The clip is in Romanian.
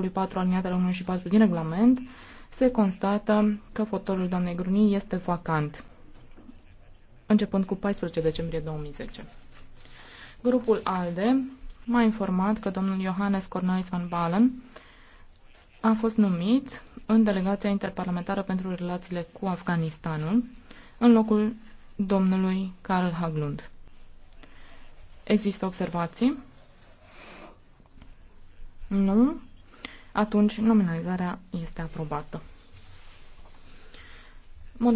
articolului 4 aliniatele 1 și 4 din regulament, se constată că fotorul doamnei Gruni este vacant, începând cu 14 decembrie 2010. Grupul ALDE m-a informat că domnul Johannes Cornelis van Balen a fost numit în delegația interparlamentară pentru relațiile cu Afganistanul, în locul domnului Karl Haglund. Există observații? Nu atunci nominalizarea este aprobată.